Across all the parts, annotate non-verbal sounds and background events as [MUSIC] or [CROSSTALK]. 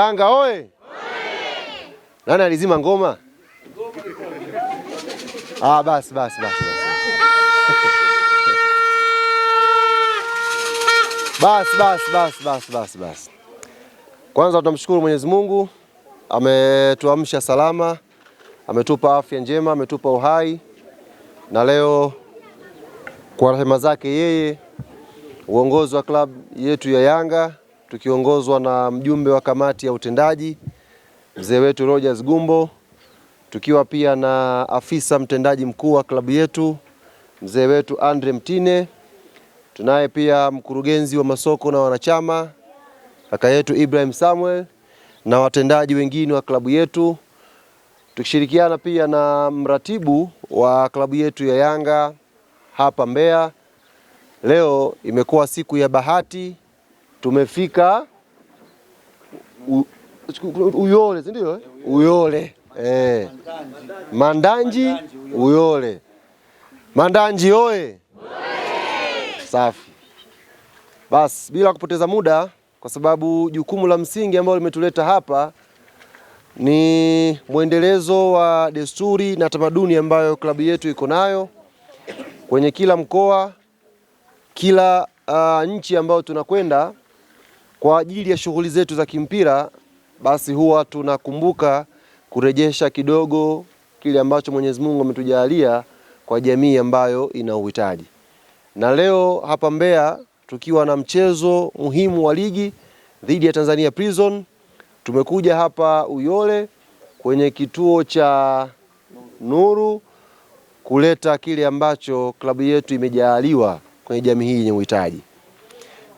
Yanga oye! Nani alizima ngoma? Ah, basi basi basi basi basi basi basi basi basi. Kwanza tunamshukuru Mwenyezi Mungu ametuamsha salama, ametupa afya njema, ametupa uhai, na leo kwa rehema zake yeye uongozi wa klabu yetu ya Yanga tukiongozwa na mjumbe wa kamati ya utendaji mzee wetu Rogers Gumbo, tukiwa pia na afisa mtendaji mkuu wa klabu yetu mzee wetu Andre Mtine, tunaye pia mkurugenzi wa masoko na wanachama kaka yetu Ibrahim Samuel na watendaji wengine wa klabu yetu, tukishirikiana pia na mratibu wa klabu yetu ya Yanga hapa Mbeya. Leo imekuwa siku ya bahati tumefika Uyole si ndio? Eh? Uyole eh, Mandanji Uyole. Mandanji oye! Safi. Basi bila kupoteza muda, kwa sababu jukumu la msingi ambalo limetuleta hapa ni mwendelezo wa desturi na tamaduni ambayo klabu yetu iko nayo kwenye kila mkoa, kila uh, nchi ambayo tunakwenda kwa ajili ya shughuli zetu za kimpira, basi huwa tunakumbuka kurejesha kidogo kile ambacho Mwenyezi Mungu ametujalia kwa jamii ambayo ina uhitaji. Na leo hapa Mbeya tukiwa na mchezo muhimu wa ligi dhidi ya Tanzania Prison, tumekuja hapa Uyole kwenye kituo cha Nuru kuleta kile ambacho klabu yetu imejaaliwa kwenye jamii hii yenye uhitaji.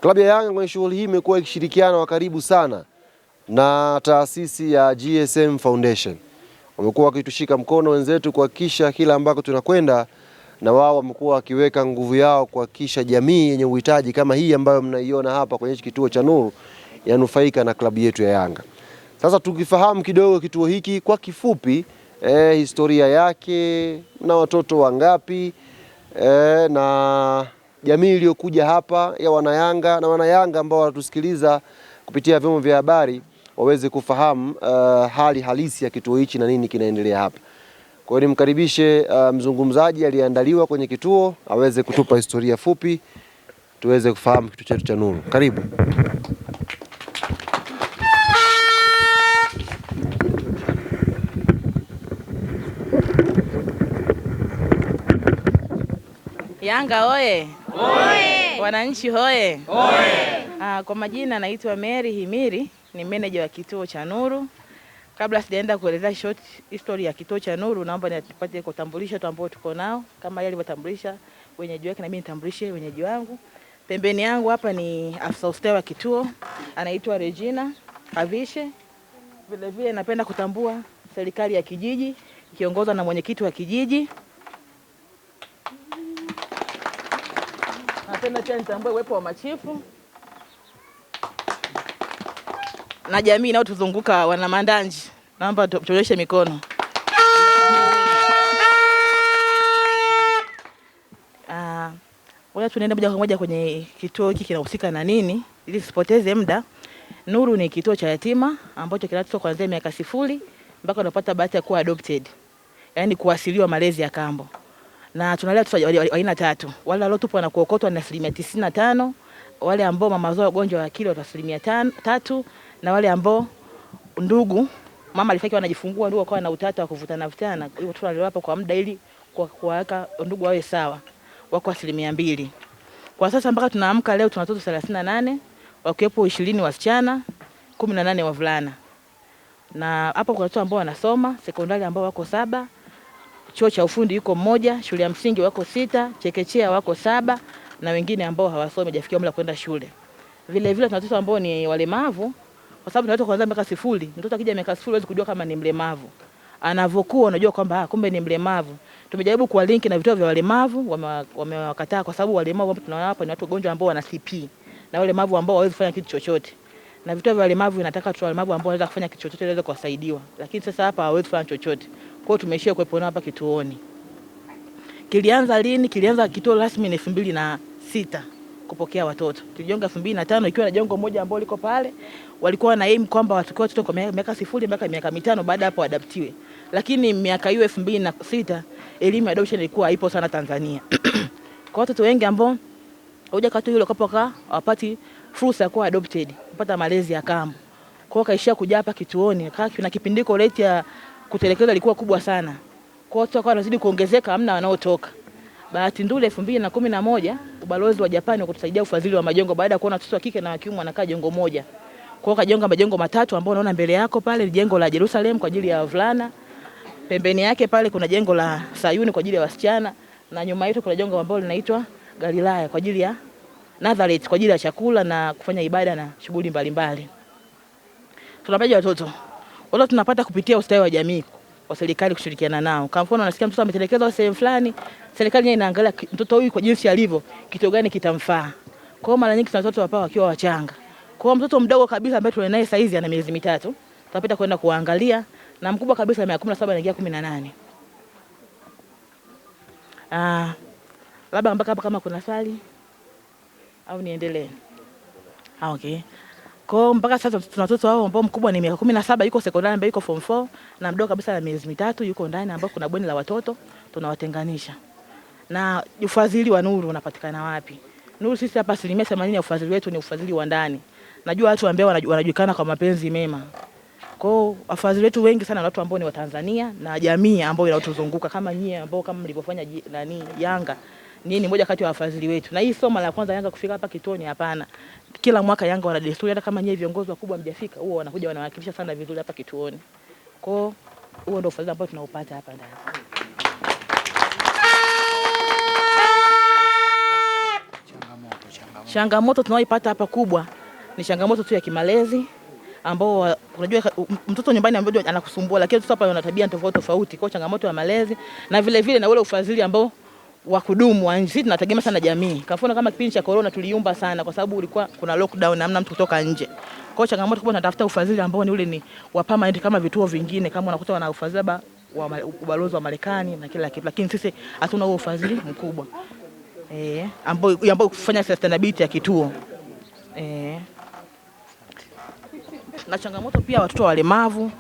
Klabu ya Yanga kwenye shughuli hii imekuwa ikishirikiana wa karibu sana na taasisi ya GSM Foundation. Wamekuwa wakitushika mkono wenzetu kuhakikisha kila ambako tunakwenda, na wao wamekuwa wakiweka nguvu yao kuhakikisha jamii yenye uhitaji kama hii ambayo mnaiona hapa kwenye kituo cha Nuru yanufaika na klabu yetu ya Yanga. Sasa tukifahamu kidogo kituo hiki kwa kifupi, eh, historia yake na watoto wangapi eh, na jamii iliyokuja hapa ya wanayanga na wanayanga ambao wanatusikiliza kupitia vyombo vya habari waweze kufahamu uh, hali halisi ya kituo hichi na nini kinaendelea hapa. Kwa hiyo nimkaribishe uh, mzungumzaji aliyeandaliwa kwenye kituo aweze kutupa historia fupi tuweze kufahamu kituo chetu cha Nuru. Karibu. Yanga oye! Oye! Wananchi hoye! Ah, kwa majina naitwa Mary Himiri, ni meneja wa kituo cha Nuru. Kabla sijaenda kuelezea short history ya kituo cha Nuru, naomba nipate kutambulisha tu ambao tuko nao, kama yeye alivyotambulisha wenyeji wake, na mimi nitambulishe wenyeji wangu. Pembeni yangu hapa ni afisa ustawi wa kituo, anaitwa Regina Kavishe. Vilevile napenda kutambua serikali ya kijiji ikiongozwa na mwenyekiti wa kijiji. Napenda pia nitambue uwepo wa machifu na jamii inayotuzunguka wana Mandanji, naomba tuonyeshe mikono. Wacha moja kwa moja kwenye kituo hiki kinahusika na nini, ili sipoteze muda. Nuru ni kituo cha yatima ambacho kinatoka kuanzia miaka sifuri mpaka unapata bahati ya kuwa adopted, yaani kuasiliwa malezi ya kambo na tunalea watoto aina tatu, wale waliotupwa na kuokotwa ni asilimia tisini na tano, wale ambao mama zao wagonjwa wa akili wata asilimia tatu, na wale ambao ndugu mama alifaki wanajifungua ndugu akawa na utata wa kuvutana vutana, hiyo tu tunaliwapa kwa muda ili kuwaweka ndugu wawe sawa, wako asilimia mbili kwa sasa. Mpaka tunaamka leo tuna watoto 38 wakiwepo 20 wasichana 18 wavulana, na hapo kuna watoto ambao wanasoma sekondari ambao wako saba chuo cha ufundi yuko mmoja, shule ya msingi wako sita, chekechea wako saba na wengine ambao hawasomi hawajafikia umri wa kwenda shule. Vile vile tuna watoto ambao ni walemavu kwa sababu tunaweza kuanza miaka sifuri. Mtoto akija miaka sifuri huwezi kujua kama ni mlemavu. Anavyokuwa unajua kwamba ah, kumbe ni mlemavu. Tumejaribu kuwa link na vituo vya walemavu, wamewakataa wame kwa sababu walemavu ambao tunawapa ni watu wagonjwa ambao wana CP na walemavu ambao hawawezi kufanya kitu chochote na vituo vya walemavu vinataka tu walemavu ambao wanaweza kufanya kitu chochote waweze kuwasaidiwa, lakini sasa hapa hawawezi kufanya chochote. Kwa hiyo tumeishia kuwepo nao hapa kituoni. Kilianza lini? Kilianza kituo rasmi ni elfu mbili na sita kupokea watoto. Tulijonga elfu mbili na tano ikiwa na jengo moja ambao liko pale, walikuwa na aim kwamba wachukue watoto kwa miaka sifuri mpaka miaka mitano, baada ya hapo adaptiwe. Lakini miaka hiyo elfu mbili na sita elimu ya adoption ilikuwa haipo sana Tanzania [CLEARS THROAT] kwa watoto wengi ambao hujakatu hilo yule kapoka wapati fursa ya kuwa adopted, kupata malezi ya kambo. Kwa kaishia kuja hapa kituoni, kuna kipindiko rate ya kutelekeza ilikuwa kubwa sana. Kwa hiyo watu wanazidi kuongezeka, hamna wanaotoka. Bahati nzuri elfu mbili na kumi na moja ubalozi wa Japani ukatusaidia ufadhili wa majengo baada ya kuona watoto wa kike na wa kiume wanakaa jengo moja. Kwa hiyo kajenga majengo matatu ambayo unaona mbele yako pale jengo la Jerusalem kwa ajili ya wavulana. Pembeni yake pale kuna jengo la Sayuni kwa ajili ya wasichana na nyuma yetu kuna jengo ambalo linaitwa Galilaya kwa ajili ya Nazareth kwa ajili ya chakula na kufanya ibada na shughuli mbalimbali. Tunapaja watoto? Watoto tunapata kupitia ustawi wa jamii wa serikali kushirikiana nao. Kwa mfano, nasikia mtoto ametelekezwa sehemu fulani, serikali yenyewe inaangalia mtoto huyu kwa jinsi alivyo, kitu gani kitamfaa. Kwa hiyo mara nyingi tuna watoto wapao wakiwa wachanga. Kwa hiyo mtoto mdogo kabisa ambaye tuna naye saizi ana miezi mitatu, tunapita kwenda kuangalia na mkubwa kabisa ana miaka 17 anaingia 18. Ah, labda mpaka hapa kama kuna swali au niendelee? Ah, Okay. Kwa mpaka sasa tuna watoto wao ambao mkubwa ni miaka kumi na saba yuko sekondari ambaye yuko form 4 na mdogo kabisa na miezi mitatu yuko ndani ambao kuna bweni la watoto tunawatenganisha. Na ufadhili wa Nuru unapatikana wapi? Nuru sisi hapa asilimia themanini ya ufadhili wetu ni ufadhili wa ndani. Najua watu ambao wanajulikana kwa mapenzi mema. Kwa hiyo wafadhili wetu wengi sana watu ambao ni Watanzania na jamii ambayo inatuzunguka kama nyie ambao kama mlivyofanya nani Yanga nini ni moja kati ya wafadhili wetu, na hii sio mara ya kwanza Yanga kufika hapa kituoni, hapana. Kila mwaka Yanga wana desturi, hata kama nyewe viongozi wakubwa mjafika, huwa wanakuja wanawakilisha sana vizuri hapa kituoni. Kwa hiyo huo ndio ufadhili ambao tunaupata hapa ndani. Changamoto, tunaoipata hapa kubwa ni changamoto tu ya kimalezi ambao unajua mtoto nyumbani ambaye anakusumbua, lakini sasa hapa ana tabia tofauti tofauti, kwa changamoto ya malezi na vile vile na ule ufadhili ambao wa kudumu wa nchi. Sisi tunategemea sana jamii. Kwa mfano kama kipindi cha corona tuliumba sana kwa sababu ulikuwa kuna lockdown, hamna mtu kutoka nje. Kwa hiyo changamoto kubwa tunatafuta ufadhili ambao ni ule ni wa permanent kama vituo vingine kama unakuta wana ufadhili wa ubalozi wa Marekani na kila kitu. Lakini sisi hatuna huo ufadhili mkubwa. Eh, ambao ambao kufanya sustainability ya kituo. Eh. Na changamoto pia watoto walemavu